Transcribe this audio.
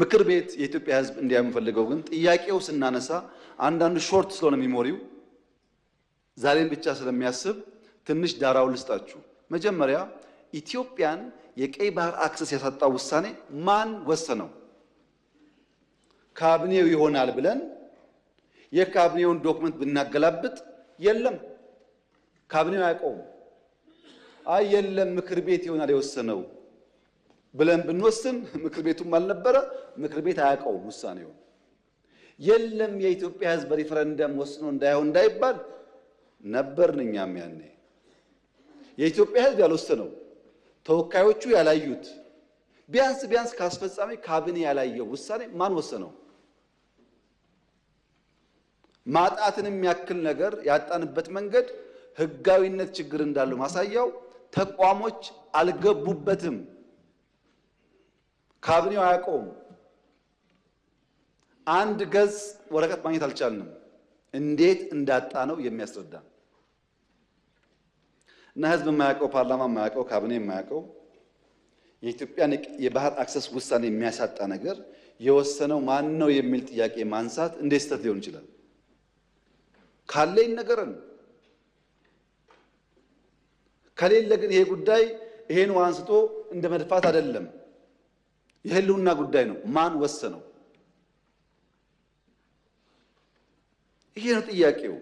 ምክር ቤት የኢትዮጵያ ሕዝብ እንዲያምፈልገው ግን ጥያቄው ስናነሳ አንዳንዱ ሾርት ስለሆነ የሚሞሪው ዛሬን ብቻ ስለሚያስብ ትንሽ ዳራው ልስጣችሁ። መጀመሪያ ኢትዮጵያን የቀይ ባህር አክሰስ ያሳጣው ውሳኔ ማን ወሰነው? ካቢኔው ይሆናል ብለን የካቢኔውን ዶክመንት ብናገላብጥ የለም፣ ካቢኔው አያውቀውም። አይ የለም ምክር ቤት ይሆናል የወሰነው ብለን ብንወስን ምክር ቤቱም አልነበረ፣ ምክር ቤት አያውቀውም ውሳኔው። የለም የኢትዮጵያ ሕዝብ በሪፈረንደም ወስኖ እንዳይሆን እንዳይባል ነበርን እኛም ያኔ። የኢትዮጵያ ሕዝብ ያልወሰነው ተወካዮቹ ያላዩት ቢያንስ ቢያንስ ከአስፈጻሚ ካቢኔ ያላየው ውሳኔ ማን ወሰነው? ማጣትን የሚያክል ነገር ያጣንበት መንገድ ህጋዊነት ችግር እንዳለው ማሳያው ተቋሞች አልገቡበትም። ካቢኔው አያውቀውም። አንድ ገጽ ወረቀት ማግኘት አልቻልንም። እንዴት እንዳጣ ነው የሚያስረዳ እና ህዝብ የማያውቀው ፓርላማ የማያውቀው ካቢኔ የማያውቀው የኢትዮጵያን የባህር አክሰስ ውሳኔ የሚያሳጣ ነገር የወሰነው ማን ነው የሚል ጥያቄ ማንሳት እንዴት ስህተት ሊሆን ይችላል? ካለ ይነገረን። ከሌለ ግን ይሄ ጉዳይ ይሄን አንስቶ እንደ መድፋት አይደለም። የህልውና ጉዳይ ነው። ማን ወሰነው? ይሄ ነው ጥያቄው።